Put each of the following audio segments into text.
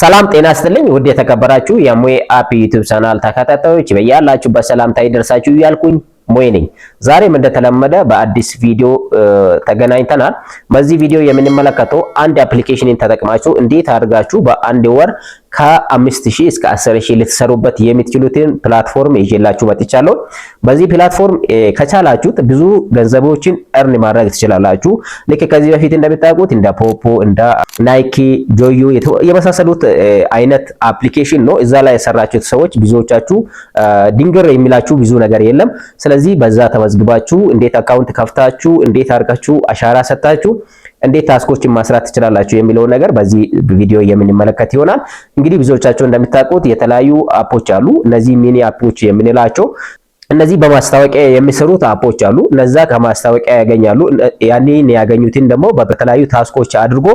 ሰላም ጤና ይስጥልኝ ውድ የተከበራችሁ የሙሄ አፕ ዩቲዩብ ቻናል ተከታታዮች በያላችሁበት በሰላምታ ይደርሳችሁ እያልኩኝ ሙሄ ነኝ። ዛሬም እንደተለመደ በአዲስ ቪዲዮ ተገናኝተናል። በዚህ ቪዲዮ የምንመለከተው አንድ አፕሊኬሽንን ተጠቅማችሁ እንዴት አድርጋችሁ በአንድ ወር ከአምስት ሺህ እስከ አስር ሺህ ልትሰሩበት የምትችሉትን ፕላትፎርም ይዤላችሁ መጥቻለሁ። በዚህ ፕላትፎርም ከቻላችሁት ብዙ ገንዘቦችን እርን ማድረግ ትችላላችሁ። ልክ ከዚህ በፊት እንደምታውቁት እንደ ፖፖ፣ እንደ ናይኪ፣ ጆዩ የመሳሰሉት አይነት አፕሊኬሽን ነው። እዛ ላይ የሰራችሁት ሰዎች ብዙዎቻችሁ ድንግር የሚላችሁ ብዙ ነገር የለም። ስለዚህ በዛ ተመዝግባችሁ እንዴት አካውንት ከፍታችሁ እንዴት አድርጋችሁ አሻራ ሰጥታችሁ እንዴት ታስኮችን ማስራት ትችላላችሁ የሚለውን ነገር በዚህ ቪዲዮ የምንመለከት ይሆናል። እንግዲህ ብዙዎቻቸው እንደምታውቁት የተለያዩ አፖች አሉ። እነዚህ ሚኒ አፖች የምንላቸው እነዚህ በማስታወቂያ የሚሰሩት አፖች አሉ። እነዛ ከማስታወቂያ ያገኛሉ። ያንን ያገኙትን ደግሞ በተለያዩ ታስኮች አድርጎ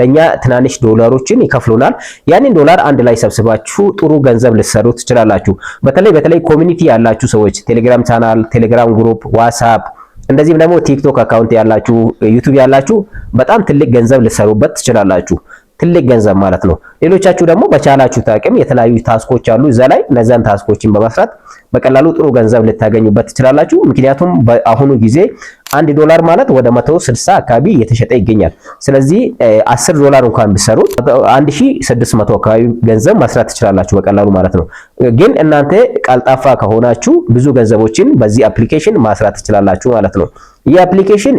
ለኛ ትናንሽ ዶላሮችን ይከፍሉናል። ያንን ዶላር አንድ ላይ ሰብስባችሁ ጥሩ ገንዘብ ልትሰሩ ትችላላችሁ። በተለይ በተለይ ኮሚኒቲ ያላችሁ ሰዎች ቴሌግራም ቻናል፣ ቴሌግራም ግሩፕ፣ ዋትስአፕ እንደዚህም ደግሞ ቲክቶክ አካውንት ያላችሁ ዩቱብ ያላችሁ በጣም ትልቅ ገንዘብ ልትሰሩበት ትችላላችሁ። ትልቅ ገንዘብ ማለት ነው። ሌሎቻችሁ ደግሞ በቻላችሁ አቅም የተለያዩ ታስኮች አሉ እዛ ላይ እነዛን ታስኮችን በመስራት በቀላሉ ጥሩ ገንዘብ ልታገኙበት ትችላላችሁ። ምክንያቱም በአሁኑ ጊዜ አንድ ዶላር ማለት ወደ 160 አካባቢ እየተሸጠ ይገኛል። ስለዚህ 10 ዶላር እንኳን ቢሰሩት 1600 አካባቢ ገንዘብ መስራት ትችላላችሁ በቀላሉ ማለት ነው። ግን እናንተ ቀልጣፋ ከሆናችሁ ብዙ ገንዘቦችን በዚህ አፕሊኬሽን ማስራት ትችላላችሁ ማለት ነው። ይህ አፕሊኬሽን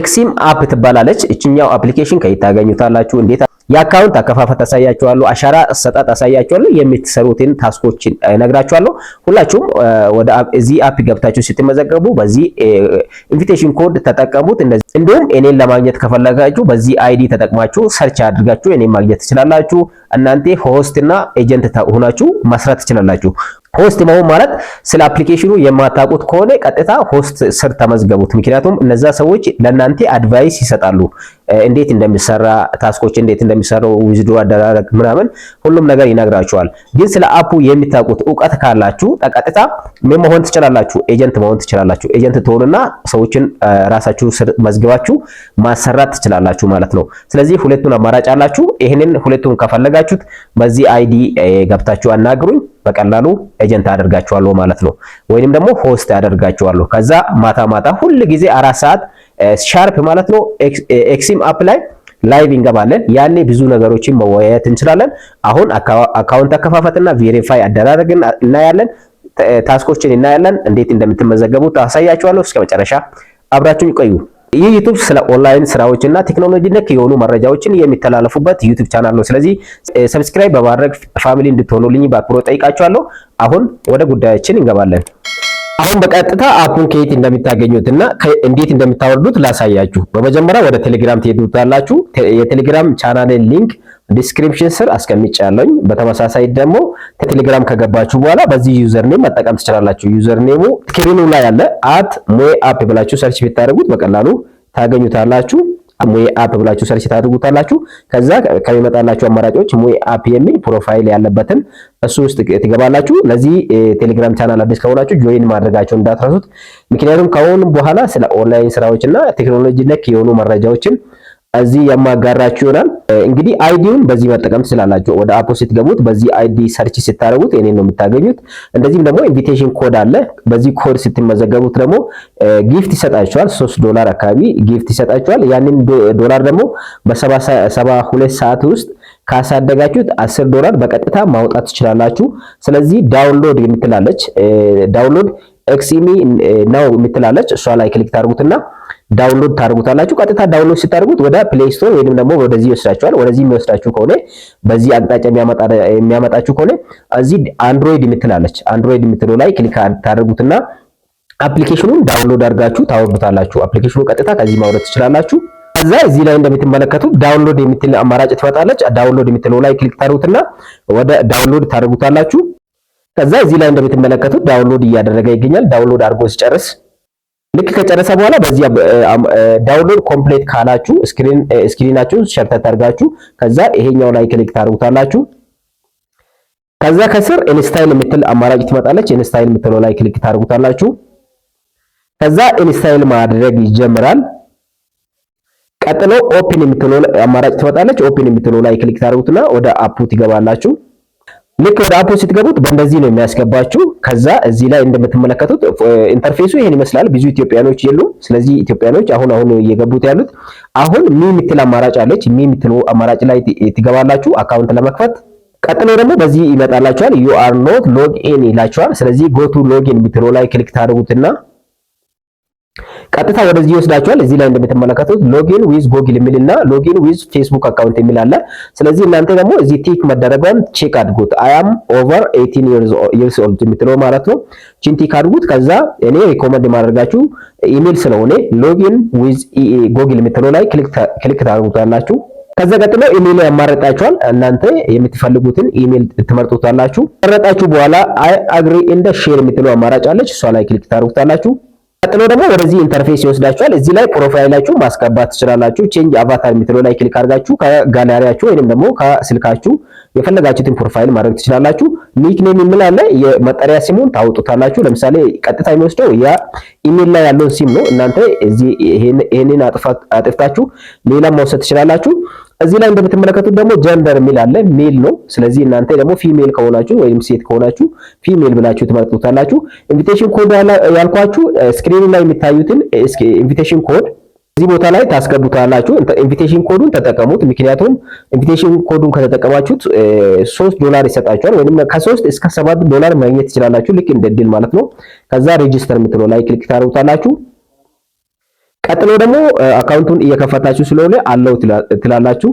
ኤክሲም አፕ ትባላለች። እችኛው አፕሊኬሽን ከየት ታገኙታላችሁ? እንዴት የአካውንት አከፋፈት አሳያችኋለሁ፣ አሻራ አሰጣጥ አሳያችኋለሁ፣ የምትሰሩትን ታስኮችን ነግራችኋለሁ። ሁላችሁም ወደ እዚህ አፕ ገብታችሁ ስትመዘገቡ በዚህ ኢንቪቴሽን ኮድ ተጠቀሙት። እንደዚህ እንዲሁም እኔን ለማግኘት ከፈለጋችሁ በዚህ አይዲ ተጠቅማችሁ ሰርች አድርጋችሁ እኔን ማግኘት ትችላላችሁ። እናንተ ሆስትና ኤጀንት ሆናችሁ መስራት ትችላላችሁ። ሆስት መሆን ማለት ስለ አፕሊኬሽኑ የማታውቁት ከሆነ ቀጥታ ሆስት ስር ተመዝገቡት። ምክንያቱም እነዛ ሰዎች ለእናንተ አድቫይስ ይሰጣሉ፣ እንዴት እንደሚሰራ ታስኮች እንዴት እንደሚሰራው ዊዝዶ አደራረግ ምናምን ሁሉም ነገር ይነግራችኋል። ግን ስለ አፑ የሚታውቁት እውቀት ካላችሁ ቀጥታ ምን መሆን ትችላላችሁ? ኤጀንት መሆን ትችላላችሁ። ኤጀንት ትሆኑና ሰዎችን ራሳችሁ ስር መዝግባችሁ ማሰራት ትችላላችሁ ማለት ነው። ስለዚህ ሁለቱን አማራጭ አላችሁ። ይህንን ሁለቱን ከፈለጋችሁት በዚህ አይዲ ገብታችሁ አናግሩኝ። በቀላሉ ኤጀንት አደርጋቸዋለሁ ማለት ነው። ወይንም ደግሞ ሆስት አደርጋቸዋለሁ። ከዛ ማታ ማታ ሁል ጊዜ አራት ሰዓት ሻርፕ ማለት ነው ኤክሲም አፕ ላይ ላይቭ እንገባለን። ያኔ ብዙ ነገሮችን መወያየት እንችላለን። አሁን አካውንት አከፋፈትና ቬሪፋይ አደራረግን እናያለን። ታስኮችን እናያለን። እንዴት እንደምትመዘገቡ ታሳያችኋለሁ። እስከ መጨረሻ አብራችሁን ይቆዩ። ይህ ዩቱብ ስለ ኦንላይን ስራዎችና ቴክኖሎጂ ነክ የሆኑ መረጃዎችን የሚተላለፉበት ዩቱብ ቻናል ነው። ስለዚህ ሰብስክራይብ በማድረግ ፋሚሊ እንድትሆኑልኝ በአክብሮት ጠይቃችኋለሁ። አሁን ወደ ጉዳያችን እንገባለን። አሁን በቀጥታ አፑን ከየት እንደምታገኙት እና እንዴት እንደምታወርዱት ላሳያችሁ። በመጀመሪያ ወደ ቴሌግራም ትሄዱታላችሁ። የቴሌግራም ቻናልን ሊንክ ዲስክሪፕሽን ስር አስቀምጫለሁኝ። በተመሳሳይ ደግሞ ቴሌግራም ከገባችሁ በኋላ በዚህ ዩዘር ኔም መጠቀም ትችላላችሁ። ዩዘር ኔሙ ስክሪኑ ላይ ያለ አት ሞይ አፕ ብላችሁ ሰርች ብታደርጉት በቀላሉ ታገኙታላችሁ። ሙይ አፕ ብላችሁ ሰርች ታድርጉታላችሁ። ከዛ ከሚመጣላችሁ አማራጮች ሙይ አፕ የሚል ፕሮፋይል ያለበትን እሱ ውስጥ ትገባላችሁ። ለዚህ ቴሌግራም ቻናል አዲስ ከሆናችሁ ጆይን ማድረጋችሁ እንዳትረሱት። ምክንያቱም ከአሁን በኋላ ስለ ኦንላይን ስራዎች እና ቴክኖሎጂ ነክ የሆኑ መረጃዎችን እዚህ የማጋራችሁ ይሆናል። እንግዲህ አይዲውን በዚህ መጠቀም ስላላችሁ ወደ አፖ ስትገቡት በዚህ አይዲ ሰርች ስታደርጉት እኔን ነው የምታገኙት። እንደዚህም ደግሞ ኢንቪቴሽን ኮድ አለ። በዚህ ኮድ ስትመዘገቡት ደግሞ ጊፍት ይሰጣችኋል። ሶስት ዶላር አካባቢ ጊፍት ይሰጣችኋል። ያንን ዶላር ደግሞ በሰባ ሁለት ሰዓት ውስጥ ካሳደጋችሁት አስር ዶላር በቀጥታ ማውጣት ትችላላችሁ። ስለዚህ ዳውንሎድ የምትላለች ዳውንሎድ ኤክስሚ ናው የምትላለች እሷ ላይ ክሊክ ታደርጉትና ዳውንሎድ ታደርጉታላችሁ። ቀጥታ ዳውንሎድ ስታደርጉት ወደ ፕሌይ ስቶር ወይንም ደግሞ ወደዚህ ይወስዳችኋል። ወደዚህ የሚወስዳችሁ ከሆነ በዚህ አቅጣጫ የሚያመጣችሁ ከሆነ እዚህ አንድሮይድ የምትላለች አንድሮይድ የምትለው ላይ ክሊክ ታደርጉትና አፕሊኬሽኑን ዳውንሎድ አድርጋችሁ ታወርዱታላችሁ። አፕሊኬሽኑ ቀጥታ ከዚህ ማውረድ ትችላላችሁ። ከዛ እዚህ ላይ እንደምትመለከቱት ዳውንሎድ የምትል አማራጭ ትመጣለች። ዳውንሎድ የምትለው ላይ ክሊክ ታደርጉትና ወደ ዳውንሎድ ታደርጉታላችሁ። ከዛ እዚህ ላይ እንደምትመለከቱት ዳውንሎድ እያደረገ ይገኛል። ዳውንሎድ አድርጎ ሲጨርስ ልክ ከጨረሰ በኋላ በዚህ ዳውንሎድ ኮምፕሌት ካላችሁ ስክሪን ስክሪናችሁን ሸርተት አድርጋችሁ ከዛ ይሄኛው ላይ ክሊክ ታደርጉታላችሁ። ከዛ ከስር ኢንስታይል የምትል አማራጭ ትመጣለች። ኢንስታይል የምትለው ላይ ክሊክ ታደርጉታላችሁ። ከዛ ኢንስታይል ማድረግ ይጀምራል። ቀጥሎ ኦፕን የምትለው አማራጭ ትመጣለች። ኦፕን የምትለው ላይ ክሊክ ታደርጉትና ወደ አፑ ትገባላችሁ። ልክ ወደ አፖ ስትገቡት በእንደዚህ ነው የሚያስገባችሁ። ከዛ እዚህ ላይ እንደምትመለከቱት ኢንተርፌሱ ይሄን ይመስላል። ብዙ ኢትዮጵያኖች የሉም። ስለዚህ ኢትዮጵያኖች አሁን አሁን እየገቡት ያሉት አሁን ሚ የምትል አማራጭ አለች። ሚ የምትል አማራጭ ላይ ትገባላችሁ አካውንት ለመክፈት። ቀጥሎ ደግሞ በዚህ ይመጣላችኋል። ዩ አር ኖት ሎግ ኢን ይላችኋል። ስለዚህ ጎቱ ሎግ ኢን የምትለው ላይ ክሊክ ታደርጉትና ቀጥታ ወደዚህ ይወስዳችኋል። እዚህ ላይ እንደምትመለከቱት ሎጊን ዊዝ ጎግል የሚልና ሎጊን ዊዝ ፌስቡክ አካውንት የሚል አለ። ስለዚህ እናንተ ደግሞ እዚህ ቲክ መደረጓን ቼክ አድርጉት። አይ አም ኦቨር 18 ኢየርስ ኦልድ የምትለው ማለት ነው። ቺን ቲክ አድርጉት። ከዛ እኔ ሪኮመንድ የማደርጋችሁ ኢሜል ስለሆነ ሎጊን ዊዝ ጎግል የምትለው ላይ ክሊክ ታደርጉታላችሁ። ከዛ ቀጥሎ ኢሜል ያማረጣችኋል። እናንተ የምትፈልጉትን ኢሜል ትመርጡታላችሁ። መረጣችሁ በኋላ አይ አግሪ ኢን ሼር የምትለው አማራጭ አለች። እሷ ላይ ክሊክ ታደርጉታላችሁ። ቀጥሎ ደግሞ ወደዚህ ኢንተርፌስ ይወስዳችኋል። እዚህ ላይ ፕሮፋይላችሁ ማስገባት ትችላላችሁ። ቼንጅ አቫታር የምትለው ላይ ክሊክ አድርጋችሁ ከጋላሪያችሁ ወይንም ደግሞ ከስልካችሁ የፈለጋችሁትን ፕሮፋይል ማድረግ ትችላላችሁ። ኒክኔም የሚል አለ። የመጠሪያ ሲሙን ታውጡታላችሁ። ለምሳሌ ቀጥታ የሚወስደው ያ ኢሜል ላይ ያለውን ሲም ነው። እናንተ ይህንን ይሄንን አጥፋት አጥፍታችሁ ሌላ መውሰድ ትችላላችሁ። እዚህ ላይ እንደምትመለከቱት ደግሞ ጀንደር የሚል አለ፣ ሜል ነው። ስለዚህ እናንተ ደግሞ ፊሜል ከሆናችሁ ወይም ሴት ከሆናችሁ ፊሜል ብላችሁ ትመርጡታላችሁ። ኢንቪቴሽን ኮድ ያልኳችሁ ስክሪኑ eh, ላይ የሚታዩትን ኢንቪቴሽን eh, ኮድ እዚህ ቦታ ላይ ታስገቡታላችሁ። ኢንቪቴሽን ኮዱን ተጠቀሙት። ምክንያቱም ኢንቪቴሽን ኮዱን ከተጠቀማችሁት eh, ሶስት ዶላር ይሰጣችኋል ወይም ከሶስት እስከ ሰባት ዶላር ማግኘት ትችላላችሁ። ልክ እንደ ድል ማለት ነው። ከዛ ሬጂስተር የምትለው ላይ ክሊክ ታደርጉታላችሁ። ቀጥሎ ደግሞ አካውንቱን እየከፈታችሁ ስለሆነ አለው ትላላችሁ።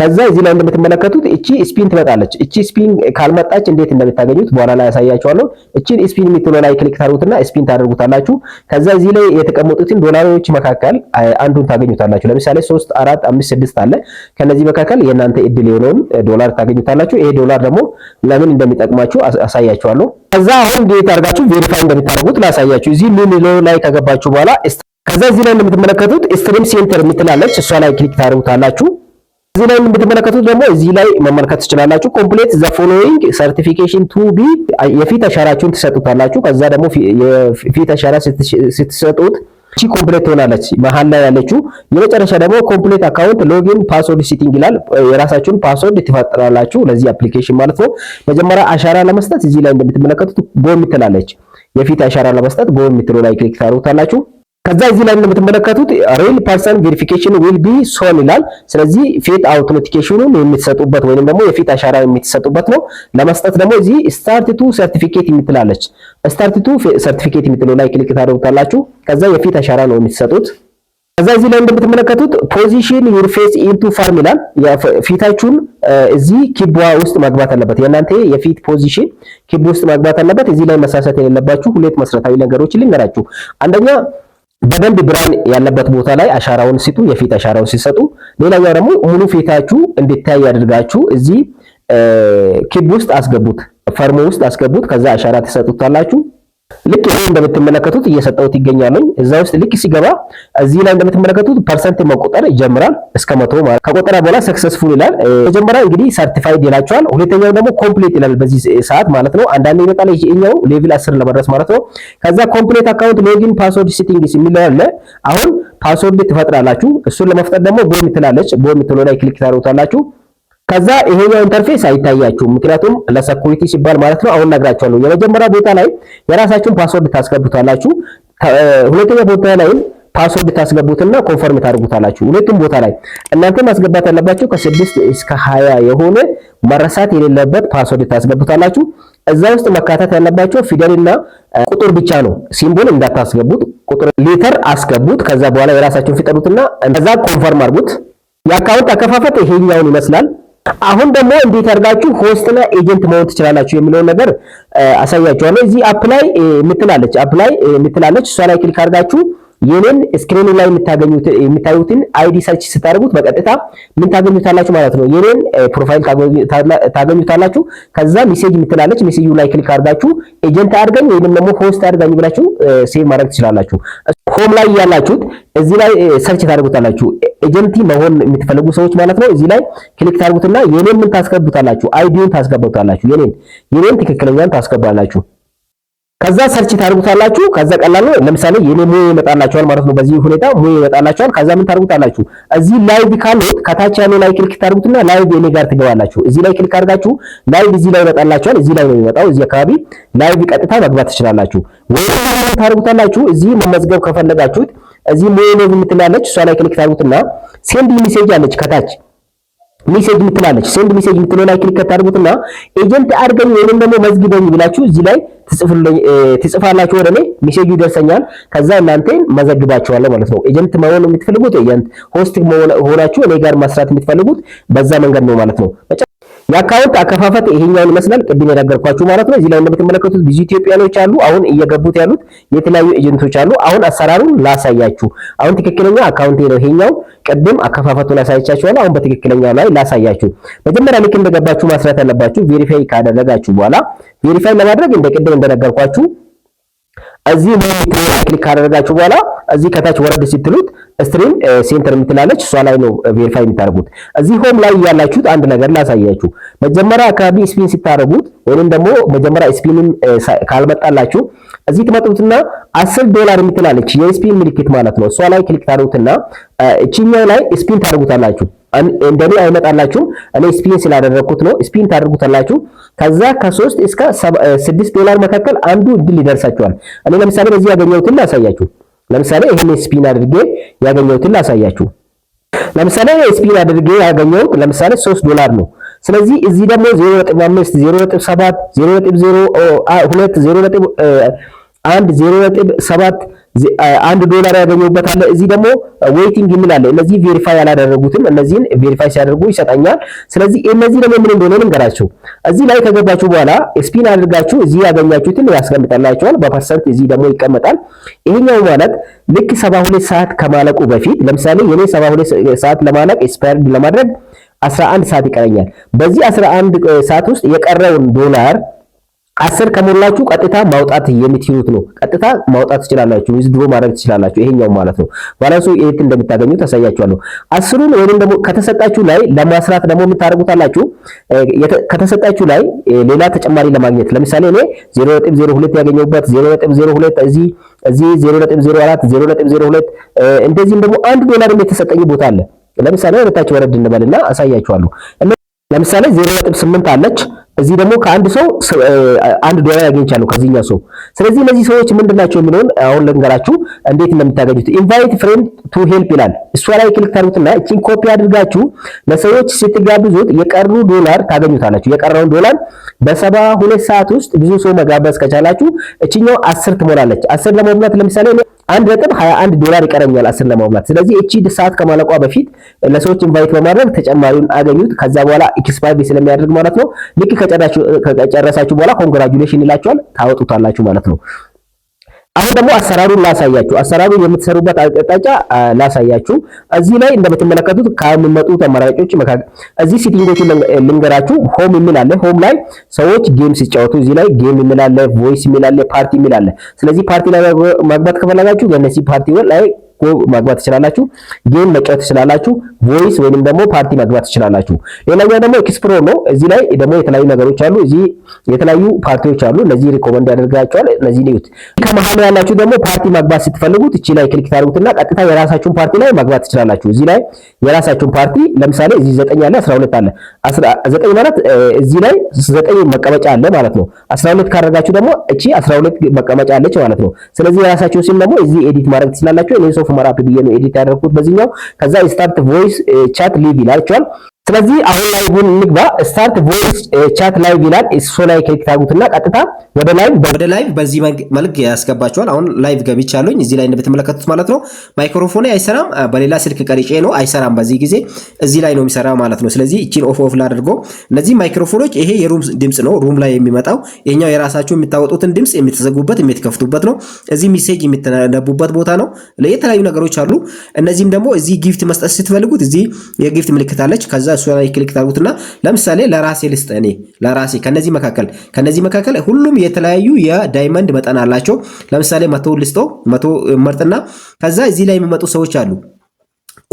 ከዛ እዚህ ላይ እንደምትመለከቱት እቺ ስፒን ትመጣለች። እቺ ስፒን ካልመጣች እንዴት እንደምታገኙት በኋላ ላይ ያሳያችኋለሁ። እቺን ስፒን የምትለው ላይ ክሊክ ታደርጉትና ስፒን ታደርጉታላችሁ። ከዛ እዚህ ላይ የተቀመጡትን ዶላሮች መካከል አንዱን ታገኙታላችሁ። ለምሳሌ 3፣ 4፣ 5፣ 6 አለ። ከነዚህ መካከል የእናንተ እድል የሆነውን ዶላር ታገኙታላችሁ። ይሄ ዶላር ደግሞ ለምን እንደሚጠቅማችሁ አሳያችኋለሁ። ከዛ አሁን እንዴት አድርጋችሁ ቬሪፋይ እንደምታደርጉት ላሳያችሁ። እዚህ ምን ላይ ከገባችሁ በኋላ ከዛ እዚህ ላይ እንደምትመለከቱት ስትሪም ሴንተር የምትላለች እሷ ላይ ክሊክ ታደርጉታላችሁ። እዚህ ላይ እንደምትመለከቱት ደግሞ እዚህ ላይ መመልከት ትችላላችሁ። ኮምፕሌት ዘ ፎሎዊንግ ሰርቲፊኬሽን ቱ ቢ የፊት አሻራችሁን ትሰጡታላችሁ። ከዛ ደግሞ የፊት አሻራ ስትሰጡት እቺ ኮምፕሌት ትሆናለች መሀል ላይ ያለችው። የመጨረሻ ደግሞ ኮምፕሌት አካውንት ሎጊን ፓስወርድ ሲቲንግ ይላል። የራሳችሁን ፓስወርድ ትፈጥራላችሁ ለዚህ አፕሊኬሽን ማለት ነው። መጀመሪያ አሻራ ለመስጠት እዚህ ላይ እንደምትመለከቱት ጎ የምትላለች የፊት አሻራ ለመስጠት ጎ የምትሉ ላይ ክሊክ ታደርጉታላችሁ። ከዛ እዚህ ላይ እንደምትመለከቱት ሪል ፐርሰን ቬሪፊኬሽን ዊል ቢ ሶን ይላል። ስለዚህ ፊት አውቶንቲኬሽኑን የምትሰጡበት ወይንም ደግሞ የፌት አሻራ የምትሰጡበት ነው። ለመስጠት ደግሞ እዚህ ስታርት ቱ ሰርቲፊኬት የምትላለች ስታርት ቱ ሰርቲፊኬት የምትለው ላይ ክሊክ ታደርጉታላችሁ። ከዛ የፊት አሻራ ነው የምትሰጡት። ከዛ እዚህ ላይ እንደምትመለከቱት ፖዚሽን ዩር ፌስ ኢንቱ ፋርም ይላል። ፊታችሁን እዚህ ኪቧ ውስጥ ማግባት አለበት። የእናንተ የፊት ፖዚሽን ኪብ ውስጥ ማግባት አለበት። እዚህ ላይ መሳሳት የሌለባችሁ ሁለት መሰረታዊ ነገሮች ልንገራችሁ። አንደኛ በደንብ ብርሃን ያለበት ቦታ ላይ አሻራውን ሲጡ የፊት አሻራውን ሲሰጡ፣ ሌላኛው ደግሞ ሙሉ ፊታችሁ እንዲታይ ያደርጋችሁ እዚህ ኪብ ውስጥ አስገቡት፣ ፈርሞ ውስጥ አስገቡት። ከዛ አሻራ ትሰጡታላችሁ። ልክ ይሄ እንደምትመለከቱት እየሰጠሁት ይገኛለኝ እዛ ውስጥ ልክ ሲገባ እዚህ ላይ እንደምትመለከቱት ፐርሰንት መቆጠር ይጀምራል እስከ መቶ ማለት ከቆጠራ በኋላ ሰክሰስፉል ይላል። መጀመሪያ እንግዲህ ሰርቲፋይድ ይላቸዋል። ሁለተኛው ደግሞ ኮምፕሌት ይላል በዚህ ሰዓት ማለት ነው። አንዳንድ ይመጣል ይሄኛው ሌቭል አስር ለመድረስ ማለት ነው። ከዛ ኮምፕሌት አካውንት ሎጊን ፓስወርድ ሴቲንግስ የሚል አለ። አሁን ፓስወርድ ትፈጥራላችሁ። እሱን ለመፍጠር ደግሞ ቦም ትላለች። ቦም ትሎ ላይ ክሊክ ታደርጉታላችሁ። ከዛ ይሄኛው ኢንተርፌስ አይታያችሁም። ምክንያቱም ለሰኩሪቲ ሲባል ማለት ነው። አሁን ነግራችኋለሁ። የመጀመሪያ ቦታ ላይ የራሳችሁን ፓስወርድ ታስገቡታላችሁ። ሁለተኛ ቦታ ላይ ፓስወርድ ታስገቡትና ኮንፈርም ታደርጉታላችሁ። ሁለቱም ቦታ ላይ እናንተ ማስገባት ያለባችሁ ከስድስት እስከ ሀያ የሆነ መረሳት የሌለበት ፓስወርድ ታስገቡታላችሁ። እዛ ውስጥ መካተት ያለባቸው ፊደልና ቁጥር ብቻ ነው። ሲምቦል እንዳታስገቡት። ቁጥር ሌተር አስገቡት። ከዛ በኋላ የራሳችሁን ፍጠሩትና ከዛ ኮንፈርም አድርጉት። የአካውንት አከፋፈት ይሄኛውን ይመስላል። አሁን ደግሞ እንዴት አድርጋችሁ ሆስትና ኤጀንት መሆን ትችላላችሁ የሚለውን ነገር አሳያችኋለሁ። እዚህ አፕላይ የምትላለች አፕላይ የምትላለች እሷ ላይ ክሊክ አድርጋችሁ ይህንን ስክሪኑ ላይ የምታዩትን አይዲ ሰርች ስታደርጉት በቀጥታ ምን ታገኙታላችሁ ማለት ነው። ይህንን ፕሮፋይል ታገኙታላችሁ። ከዛ ሜሴጅ የምትላለች ሜሴጁ ላይ ክሊክ አድርጋችሁ ኤጀንት አድርገኝ ወይ ደግሞ ሆስት አድርገኝ ብላችሁ ሴቭ ማድረግ ትችላላችሁ። ሆም ላይ ያላችሁት እዚህ ላይ ሰርች ታደርጉታላችሁ። ኤጀንቲ መሆን የምትፈልጉ ሰዎች ማለት ነው። እዚህ ላይ ክሊክ ታርጉትና የኔን ምን ታስገቡታላችሁ? አይዲውን ታስገቡታላችሁ። የኔን የኔን ትክክለኛን ታስገባላችሁ። ከዛ ሰርች ታርጉታላችሁ። ከዛ ቀላል ነው። ለምሳሌ የኔ ሙዬ ይመጣላችኋል ማለት ነው። በዚህ ሁኔታ ሙዬ ይመጣላችኋል። ከዛ ምን ታርጉታላችሁ? እዚህ ላይቭ ካሉት ከታች ያለው ላይ ክሊክ ታርጉትና ላይቭ የኔ ጋር ትገባላችሁ። እዚህ ላይ ክሊክ አድርጋችሁ ላይቭ እዚህ ላይ ይመጣላችኋል። እዚህ ላይ ነው የሚመጣው። እዚህ አካባቢ ላይቭ ቀጥታ መግባት ትችላላችሁ። ወይ ታርጉታላችሁ። እዚህ መመዝገብ ከፈለጋችሁት እዚህ ሞኖቭ የምትላለች እሷ ላይ ክሊክ ታርጉትና ሴንድ ሚሴጅ አለች ከታች ሚሴጅ የምትላለች ሴንድ ሚሴጅ የምትለው ላይ ክሊክ ታርጉትና ኤጀንት አድርገኝ ወይንም ደግሞ መዝግበኝ ብላችሁ እዚህ ላይ ትጽፋላችሁ። ወደ እኔ ሚሴጁ ይደርሰኛል። ከዛ እናንተ መዘግባችኋለሁ ማለት ነው። ኤጀንት መሆን የምትፈልጉት ኤጀንት ሆስት ሆናችሁ እኔ ጋር መስራት የምትፈልጉት በዛ መንገድ ነው ማለት ነው። የአካውንት አከፋፈት ይሄኛውን ይመስላል። ቅድም የነገርኳችሁ ማለት ነው። እዚህ ላይ እንደምትመለከቱት ብዙ ኢትዮጵያኖች አሉ። አሁን እየገቡት ያሉት የተለያዩ ኤጀንቶች አሉ። አሁን አሰራሩን ላሳያችሁ። አሁን ትክክለኛ አካውንቴ ነው ይሄኛው። ቅድም አከፋፈቱን አሳይቻችኋለሁ። አሁን በትክክለኛው ላይ ላሳያችሁ። መጀመሪያ ልክ እንደገባችሁ ማስራት ያለባችሁ ቬሪፋይ ካደረጋችሁ በኋላ ቬሪፋይ ለማድረግ እንደ ቅድም እንደነገርኳችሁ እዚህ ላይ ክሊክ ካደረጋችሁ በኋላ እዚህ ከታች ወረድ ስትሉት ስትሪም ሴንተር የምትላለች እሷ ላይ ነው ቬሪፋይ የምታደርጉት። እዚህ ሆም ላይ ያላችሁት አንድ ነገር ላሳያችሁ። መጀመሪያ አካባቢ ስፒን ስታደርጉት ወይም ደግሞ መጀመሪያ ስፒንን ካልመጣላችሁ እዚህ ትመጡትና አስር ዶላር የምትላለች የስፒን ምልክት ማለት ነው። እሷ ላይ ክሊክ ታደርጉትና እችኛው ላይ ስፒን ታደርጉታላችሁ። እንደኔ አይመጣላችሁም። እኔ ስፒን ስላደረግኩት ነው። ስፒን ታደርጉታላችሁ። ከዛ ከሶስት እስከ ስድስት ዶላር መካከል አንዱ እድል ይደርሳችኋል። እኔ ለምሳሌ በዚህ ያገኘሁትን ላሳያችሁ። ለምሳሌ ይሄን ስፒን አድርጌ ያገኘሁትን ላሳያችሁ። ለምሳሌ ስፒን አድርጌ ያገኘሁት ለምሳሌ 3 ዶላር ነው። ስለዚህ እዚህ ደግሞ 0.5፣ 0.7፣ 0.0 2፣ 0.1፣ 0.7 አንድ ዶላር ያገኘሁበት አለ። እዚህ ደግሞ ዌይቲንግ የሚል አለ። እነዚህ ቬሪፋይ ያላደረጉትም እነዚህን ቬሪፋይ ሲያደርጉ ይሰጠኛል። ስለዚህ እነዚህ ደግሞ ምን እንደሆነ ልንገራችሁ። እዚህ ላይ ከገባችሁ በኋላ ስፒን አድርጋችሁ እዚህ ያገኛችሁትን ያስቀምጠላችኋል። በፐርሰንት እዚህ ደግሞ ይቀመጣል። ይሄኛው ማለት ልክ 72 ሰዓት ከማለቁ በፊት ለምሳሌ የኔ 72 ሰዓት ለማለቅ ኤክስፓየርድ ለማድረግ 11 ሰዓት ይቀረኛል። በዚህ 11 ሰዓት ውስጥ የቀረውን ዶላር አስር ከሞላችሁ ቀጥታ ማውጣት የምትችሉት ነው። ቀጥታ ማውጣት ትችላላችሁ፣ ዊዝድሮ ማድረግ ትችላላችሁ። ይሄኛው ማለት ነው። ባላንሱ የት እንደምታገኙ ታሳያችኋለሁ። አስሩን ወይንም ደግሞ ከተሰጣችሁ ላይ ለማስራት ደግሞ የምታደርጉታላችሁ። ከተሰጣችሁ ላይ ሌላ ተጨማሪ ለማግኘት ለምሳሌ እኔ 0.02 ያገኘሁበት 0.02 እዚህ እዚህ 0.04 0.02 እንደዚህም ደግሞ አንድ ዶላር የተሰጠኝ ቦታ አለ። ለምሳሌ ወደታች ወረድ እንበልና አሳያችኋለሁ። ለምሳሌ 0.8 አለች እዚህ ደግሞ ከአንድ ሰው አንድ ዶላር ያገኝቻለሁ ከዚህኛው ሰው። ስለዚህ እነዚህ ሰዎች ምንድናቸው የሚለውን አሁን ልንገራችሁ እንዴት እንደምታገኙት። ኢንቫይት ፍሬንድ ቱ ሄልፕ ይላል። እሷ ላይ ክሊክ ታደርጉትና እቺን ኮፒ አድርጋችሁ ለሰዎች ስትጋብዙት የቀሩ ዶላር ታገኙታላችሁ። የቀረውን ዶላር በሰባ ሁለት ሰዓት ውስጥ ብዙ ሰው መጋበዝ ከቻላችሁ እችኛው አስር ትሞላለች። አስር ለመሙላት ለምሳሌ አንድ ነጥብ 21 ዶላር ይቀረኛል አስር ለማሙላት። ስለዚህ እቺ ሰዓት ከማለቋ በፊት ለሰዎች ኢንቫይት በማድረግ ተጨማሪውን አገኙት። ከዛ በኋላ ኤክስፓይር ስለሚያደርግ ማለት ነው ልክ ከጨረሳችሁ በኋላ ኮንግራጁሌሽን ይላችኋል፣ ታወጡታላችሁ ማለት ነው። አሁን ደግሞ አሰራሩን ላሳያችሁ። አሰራሩን የምትሰሩበት አቅጣጫ ላሳያችሁ። እዚህ ላይ እንደምትመለከቱት ከሚመጡ ተመራጮች መካከል እዚህ ሴቲንጎቹን ልንገራችሁ። ሆም የሚል አለ። ሆም ላይ ሰዎች ጌም ሲጫወቱ እዚህ ላይ ጌም የሚል አለ፣ ቮይስ የሚል አለ፣ ፓርቲ የሚል አለ። ስለዚህ ፓርቲ ላይ መግባት ከፈለጋችሁ የነዚህ ፓርቲ ላይ ጎል ማግባት ትችላላችሁ፣ ጌም መጫወት ትችላላችሁ፣ ቮይስ ወይንም ደግሞ ፓርቲ ማግባት ትችላላችሁ። ሌላኛው ደግሞ ኤክስፕሮ ነው። እዚህ ላይ ደግሞ የተለያዩ ነገሮች አሉ። እዚህ የተለያዩ ፓርቲዎች አሉ። እነዚህ ሪኮመንድ ያደርጋቸዋል። እነዚህ ነው ከመሀል ያላችሁ ደግሞ ፓርቲ ማግባት ስትፈልጉ እቺ ላይ ክሊክ ታደርጉትና ቀጥታ የራሳችሁን ፓርቲ ላይ ማግባት ትችላላችሁ። እዚህ ላይ የራሳችሁን ፓርቲ ለምሳሌ እዚህ 9 አለ፣ 12 አለ። 9 ማለት እዚህ ላይ 9 መቀመጫ አለ ማለት ነው። 12 ካደረጋችሁ ደግሞ እቺ 12 መቀመጫ አለች ማለት ነው። ስለዚህ የራሳችሁን ሲም ደግሞ እዚህ ኤዲት ማድረግ ትችላላችሁ። እኔ ሶፋ ፎቶ መራፒ ብዬ ነው ኤዲት ያደረኩት በዚህኛው። ከዛ ስታርት ቮይስ ቻት ሊቭ ይላቸዋል። ስለዚህ አሁን ላይ ላይቭ እንግባ። ስታርት ቮይስ ቻት ላይቭ ይላል። እሱ ላይ ክሊክ ታጉትና ቀጥታ ወደ ላይቭ ወደ ላይቭ በዚህ መልክ ያስገባቸዋል። አሁን ላይቭ ገብቻለሁኝ እዚህ ላይ እንደምትመለከቱት ማለት ነው። ማይክሮፎን አይሰራም፣ በሌላ ስልክ ቀርጬ ነው አይሰራም። በዚህ ጊዜ እዚህ ላይ ነው የሚሰራ ማለት ነው። ስለዚህ እቺን ኦፍ ኦፍ ላድርጎ። እነዚህ ማይክሮፎኖች ይሄ የሩም ድምጽ ነው፣ ሩም ላይ የሚመጣው ይሄኛው የራሳችሁ የምታወጡትን ድምጽ የምትዘጉበት የምትከፍቱበት ነው። እዚህ ሚሴጅ የምትነቡበት ቦታ ነው። ለየተለያዩ ነገሮች አሉ። እነዚህም ደግሞ እዚህ ጊፍት መስጠት ስትፈልጉት እዚህ የጊፍት ምልክት አለች ከዛ ከዛ እሱ ላይ ክሊክ ታርጉትና ለምሳሌ ለራሴ ልስጥ እኔ ለራሴ ከነዚህ መካከል ከነዚህ መካከል ሁሉም የተለያዩ የዳይመንድ መጠን አላቸው። ለምሳሌ መቶ ልስጦ መቶ መርጥና ከዛ እዚህ ላይ የሚመጡ ሰዎች አሉ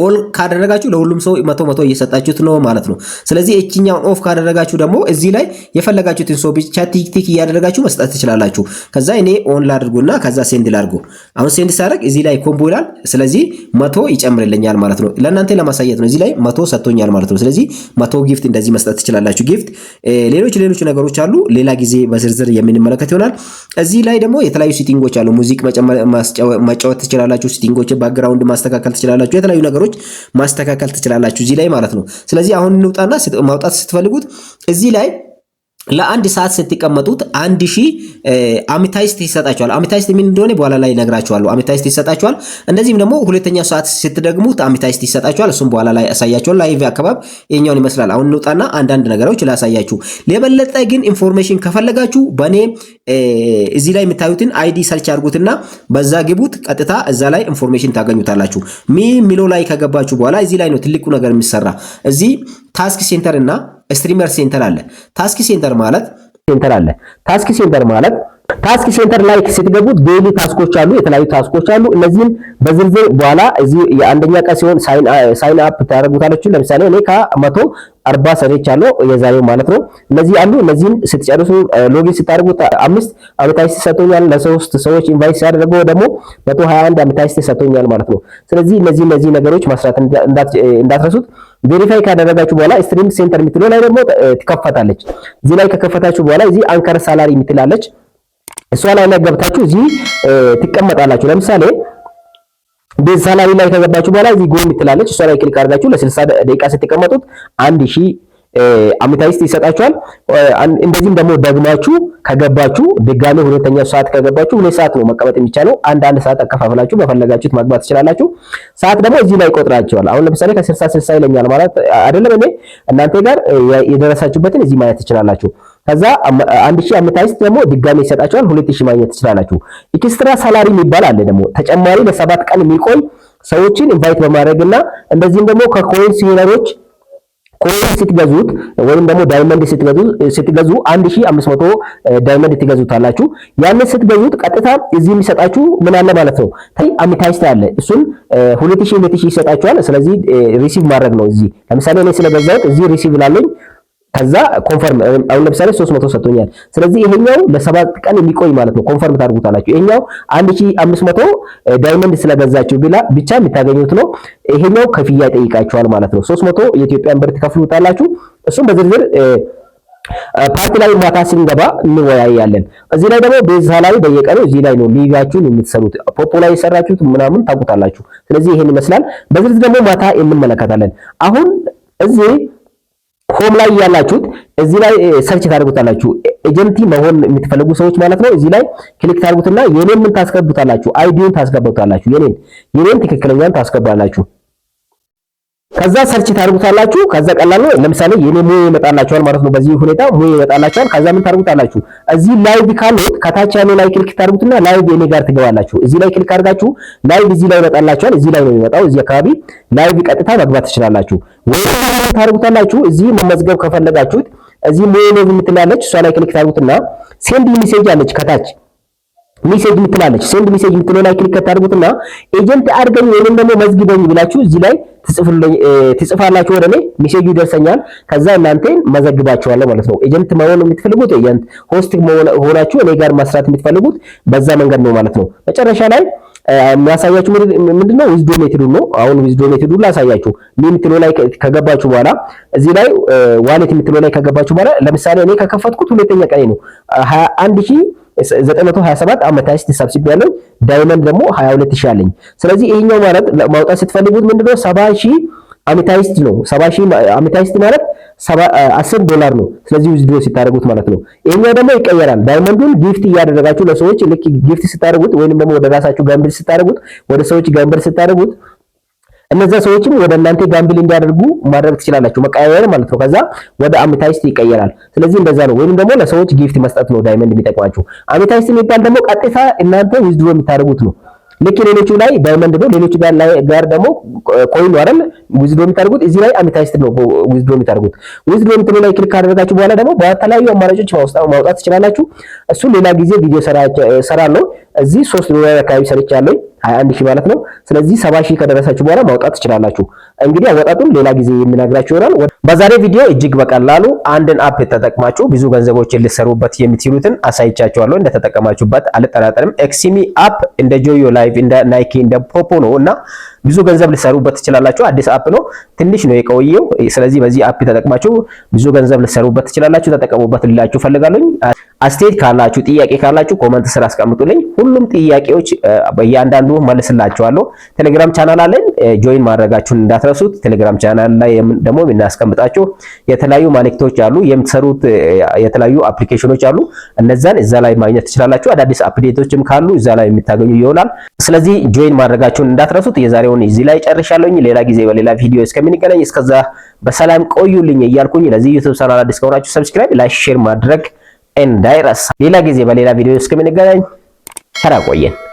ኦል ካደረጋችሁ ለሁሉም ሰው መቶ መቶ እየሰጣችሁት ነው ማለት ነው። ስለዚህ እችኛውን ኦፍ ካደረጋችሁ ደግሞ እዚህ ላይ የፈለጋችሁትን ሰው ብቻ ቲክቲክ እያደረጋችሁ መስጠት ትችላላችሁ። ከዛ እኔ ኦን ላድርጉና ከዛ ሴንድ ላድርጉ። አሁን ሴንድ ሳደርግ እዚህ ላይ ኮምቦ ይላል። ስለዚህ መቶ ይጨምርልኛል ማለት ነው። ለእናንተ ለማሳየት ነው። እዚህ ላይ መቶ ሰጥቶኛል ማለት ነው። ስለዚህ መቶ ጊፍት እንደዚህ መስጠት ትችላላችሁ። ጊፍት ሌሎች ሌሎች ነገሮች አሉ። ሌላ ጊዜ በዝርዝር የምንመለከት ይሆናል። እዚህ ላይ ደግሞ የተለያዩ ሲቲንጎች አሉ። ሙዚቅ መጫወት ትችላላችሁ። ሲቲንጎች ባክግራውንድ ማስተካከል ትችላላችሁ። የተለያዩ ነገሮች ነገሮች ማስተካከል ትችላላችሁ እዚህ ላይ ማለት ነው። ስለዚህ አሁን እንውጣና ማውጣት ስትፈልጉት እዚህ ላይ ለአንድ ሰዓት ስትቀመጡት አንድ ሺህ አሚታይስት ይሰጣችኋል። አሚታይስት ምን እንደሆነ በኋላ ላይ ነግራቸዋለሁ። አሚታይስት ይሰጣችኋል። እንደዚህም ደግሞ ሁለተኛ ሰዓት ስትደግሙት አሚታይስት ይሰጣችኋል። እሱም በኋላ ላይ አሳያቸዋል። ላይቭ አካባቢ የኛውን ይመስላል። አሁን እንውጣና አንዳንድ ነገሮች ላሳያችሁ። ለበለጠ ግን ኢንፎርሜሽን ከፈለጋችሁ በእኔ እዚህ ላይ የምታዩትን አይዲ ሰርች አድርጉትና በዛ ግቡት። ቀጥታ እዛ ላይ ኢንፎርሜሽን ታገኙታላችሁ። ሚ ሚሎ ላይ ከገባችሁ በኋላ እዚህ ላይ ነው ትልቁ ነገር የሚሰራ። እዚህ ታስክ ሴንተር እና ስትሪመር ሴንተር አለ። ታስክ ሴንተር ማለት ሴንተር አለ። ታስክ ሴንተር ማለት ታስክ ሴንተር ላይ ስትገቡ ዴይሊ ታስኮች አሉ፣ የተለያዩ ታስኮች አሉ። እነዚህም በዝርዝር በኋላ እዚህ የአንደኛ ቀን ሲሆን ሳይን አፕ ታደርጉታላችሁ። ለምሳሌ እኔ ከመቶ አርባ ሰሬች አለው የዛሬው ማለት ነው። እነዚህ አሉ። እነዚህን ስትጨርሱ ሎጊን ስታደርጉት አምስት አመታይስ ሰጥቶኛል። ለሶስት ሰዎች ኢንቫይት ያደረገው ደግሞ መቶ ሀያ አንድ አመታይስ ሰጥቶኛል ማለት ነው። ስለዚህ እነዚህ እነዚህ ነገሮች መስራት እንዳትረሱት። ቬሪፋይ ካደረጋችሁ በኋላ ስትሪም ሴንተር የምትለው ላይ ደግሞ ትከፈታለች። እዚህ ላይ ከከፈታችሁ በኋላ እዚህ አንከር ሳላሪ የምትላለች እሷ ላይ ላይ ገብታችሁ እዚህ ትቀመጣላችሁ። ለምሳሌ ቤዝ ሳላሪ ላይ ከገባችሁ በኋላ እዚህ ጎን ትላለች። እሷ ላይ ክሊክ አድርጋችሁ ለ60 ደቂቃ ስትቀመጡት አንድ ሺህ አሜታይስት ይሰጣችኋል። እንደዚህም ደግሞ ደግማችሁ ከገባችሁ ድጋሜ ሁለተኛ ሰዓት ከገባችሁ ሁለት ሰዓት ነው መቀመጥ የሚቻለው። አንድ አንድ ሰዓት አከፋፍላችሁ በፈለጋችሁት መግባት ትችላላችሁ። ሰዓት ደግሞ እዚህ ላይ ይቆጥራችኋል። አሁን ለምሳሌ ከስልሳ ስልሳ ይለኛል ማለት አይደለም እኔ እናንተ ጋር የደረሳችሁበትን እዚህ ማየት ትችላላችሁ። ከዛ አንድ ሺህ አይስት ደግሞ ድጋሜ ይሰጣቸዋል። ሁለት ሺህ ማግኘት ትችላላችሁ። ኤክስትራ ሳላሪ የሚባል አለ ደግሞ ተጨማሪ ለሰባት ቀን የሚቆይ ሰዎችን ኢንቫይት በማድረግና እንደዚህም ደግሞ ከኮይን ሲነሮች ኮይን ስትገዙት ወይም ደግሞ ዳይመንድ ስትገዙ 1500 ዳይመንድ ትገዙታላችሁ። ያንን ስትገዙት ቀጥታ እዚህ የሚሰጣችሁ ምን አለ ማለት ነው ታይ አሚታይስት አለ። እሱን 2000 2000 ይሰጣችኋል። ስለዚህ ሪሲቭ ማድረግ ነው። እዚህ ለምሳሌ እኔ ስለገዛሁት እዚህ ሪሲቭ ላለኝ ከዛ ኮንፈርም አሁን ለምሳሌ 300 ሰጥቶኛል። ስለዚህ ይሄኛው ለሰባት ቀን የሚቆይ ማለት ነው። ኮንፈርም ታርጉታላችሁ። ይሄኛው 1500 ዳይመንድ ስለገዛችሁ ብላ ብቻ የምታገኙት ነው። ይሄኛው ከፍያ ይጠይቃችኋል ማለት ነው። 300 የኢትዮጵያን ብር ትከፍሉታላችሁ። እሱም በዝርዝር ፓርቲ ላይ ማታ ስንገባ እንወያያለን። እዚህ ላይ ደግሞ ቤዝ ሳላሪ በየቀኑ እዚህ ላይ ነው ሊጋችሁን የምትሰሩት። ፖፖ ላይ የሰራችሁት ምናምን ታውቁታላችሁ። ስለዚህ ይሄን ይመስላል። በዝርዝር ደግሞ ማታ እንመለከታለን። አሁን እዚህ ሆም ላይ ያላችሁት እዚህ ላይ ሰርች ታደርጉታላችሁ። ኤጀንቲ መሆን የምትፈልጉ ሰዎች ማለት ነው። እዚህ ላይ ክሊክ ታደርጉትና የኔን ምን ታስገቡታላችሁ? አይዲውን ታስገቡታላችሁ። የኔን የኔን ትክክለኛን ታስገባላችሁ። ከዛ ሰርች ታደርጉታላችሁ። ከዛ ቀላል ነው። ለምሳሌ የኔ ሙዬ ይመጣላችኋል ማለት ነው። በዚህ ሁኔታ ሙዬ ይመጣላችኋል። ከዛ ምን ታደርጉታላችሁ? እዚህ ላይቭ ካሉት ከታች ያለው ላይ ክሊክ ታደርጉትና ላይቭ የኔ ጋር ትገባላችሁ። እዚህ ላይ ክሊክ አድርጋችሁ ላይቭ እዚህ ላይ ይመጣላችኋል። እዚህ ላይ ነው የሚመጣው። እዚህ አካባቢ ላይቭ ቀጥታ መግባት ትችላላችሁ። ወይ ታደርጉታላችሁ። እዚህ መመዝገብ ከፈለጋችሁት እዚህ ሙዬ ነው የምትላለች እሷ ላይ ክሊክ ታደርጉትና ሴንድ ሚሴጅ አለች ከታች ሜሴጅ ምትላለች ሴንድ ሜሴጅ ምትለው ላይ ክሊክ ታደርጉትና ኤጀንት አድርገኝ ወይንም ደግሞ መዝግበኝ ብላችሁ እዚህ ላይ ትጽፋላችሁ። ወደ እኔ ሜሴጁ ይደርሰኛል። ከዛ እናንተን መዘግባችኋለሁ ማለት ነው። ኤጀንት መሆን የምትፈልጉት ኤጀንት፣ ሆስት ሆናችሁ እኔ ጋር መስራት የምትፈልጉት በዛ መንገድ ነው ማለት ነው። መጨረሻ ላይ የሚያሳያችሁ ምንድነው? ዊዝዶ ሜትዱ ነው። አሁን ዊዝዶ ሜትዱ ላሳያችሁ። ሚ የምትለው ላይ ከገባችሁ በኋላ እዚህ ላይ ዋሌት የምትለው ላይ ከገባችሁ በኋላ ለምሳሌ እኔ ከከፈትኩት ሁለተኛ ቀኔ ነው 21 ሺህ 927 አመታች ተሰብስብ ያለው ዳይመንድ ደግሞ 22 ሺህ አለኝ። ስለዚህ ይሄኛው ማለት ማውጣት ስትፈልጉት ምንድነው ሺህ አሜታይስት ነው። ሺህ አሜታይስት ማለት 10 ዶላር ነው። ስለዚህ ዊዝድሮ ሲታደርጉት ማለት ነው። ይሄኛው ደግሞ ይቀየራል። ዳይመንዱን ጊፍት እያደረጋችሁ ለሰዎች ልክ ጊፍት ስታደርጉት ወይንም ደግሞ ወደ ራሳችሁ ገንብል ስታደርጉት ወደ ሰዎች ገንብል ስታደርጉት እነዛ ሰዎችም ወደ እናንተ ጋምብል እንዲያደርጉ ማድረግ ትችላላችሁ። መቀያየር ማለት ነው። ከዛ ወደ አሜታይስት ይቀየራል። ስለዚህ እንደዛ ነው። ወይም ደግሞ ለሰዎች ጊፍት መስጠት ነው ዳይመንድ የሚጠቅማችሁ። አሜታይስት የሚባል ደግሞ ቀጥታ እናንተ ዊዝድሮ የምታደርጉት ነው። ልክ ሌሎቹ ላይ ዳይመንድ ነው። ሌሎቹ ጋር ጋር ደግሞ ኮይን ነው አይደል ዊዝድሮ የምታደርጉት። እዚህ ላይ አሜታይስት ነው ዊዝድሮ የምታደርጉት። ዊዝድሮ የምትሉ ላይ ክሊክ ካደረጋችሁ በኋላ ደግሞ በተለያዩ አማራጮች ማውጣት ትችላላችሁ። እሱ ሌላ ጊዜ ቪዲዮ ሰራ ነው። እዚህ ሶስት ሚሊዮን አካባቢ ሰርቻለሁ፣ 21 ሺህ ማለት ነው። ስለዚህ 70 ሺህ ከደረሳችሁ በኋላ ማውጣት ትችላላችሁ። እንግዲህ አወጣጡን ሌላ ጊዜ የምነግራችሁ ይሆናል። በዛሬ ቪዲዮ እጅግ በቀላሉ አንድን አፕ ተጠቅማችሁ ብዙ ገንዘቦችን ልትሰሩበት የምትችሉትን አሳይቻችኋለሁ። እንደተጠቀማችሁበት አልጠራጠርም። ኤክሲሚ አፕ እንደ ጆዮ ላይቭ፣ እንደ ናይኪ፣ እንደ ፖፖሎ እና ብዙ ገንዘብ ልሰሩበት ትችላላችሁ። አዲስ አፕ ነው፣ ትንሽ ነው የቆየው። ስለዚህ በዚህ አፕ ተጠቅማችሁ ብዙ ገንዘብ ልሰሩበት ትችላላችሁ። ተጠቀሙበት ልላችሁ ፈልጋለኝ። አስተያየት ካላችሁ፣ ጥያቄ ካላችሁ ኮመንት ስራ አስቀምጡልኝ። ሁሉም ጥያቄዎች በእያንዳንዱ መልስላችኋለሁ። ቴሌግራም ቻናል አለን፣ ጆይን ማድረጋችሁን እንዳትረሱት። ቴሌግራም ቻናል ላይ ደግሞ የምናስቀምጣቸው የተለያዩ መልእክቶች አሉ፣ የምትሰሩት የተለያዩ አፕሊኬሽኖች አሉ። እነዛን እዛ ላይ ማግኘት ትችላላችሁ። አዳዲስ አፕዴቶችም ካሉ እዛ ላይ የሚታገኙ ይሆናል። ስለዚህ ጆይን ማድረጋችሁን እንዳትረሱት። የዛሬ የዛሬውን እዚህ ላይ ጨርሻለሁኝ። ሌላ ጊዜ በሌላ ቪዲዮ እስከምንገናኝ እስከዛ በሰላም ቆዩልኝ እያልኩኝ ለዚህ ዩቱብ ቻናል አዲስ ከሆናችሁ ሰብስክራይብ፣ ላይክ፣ ሼር ማድረግ እንዳይረሳ። ሌላ ጊዜ በሌላ ቪዲዮ እስከምንገናኝ ተራቆየን።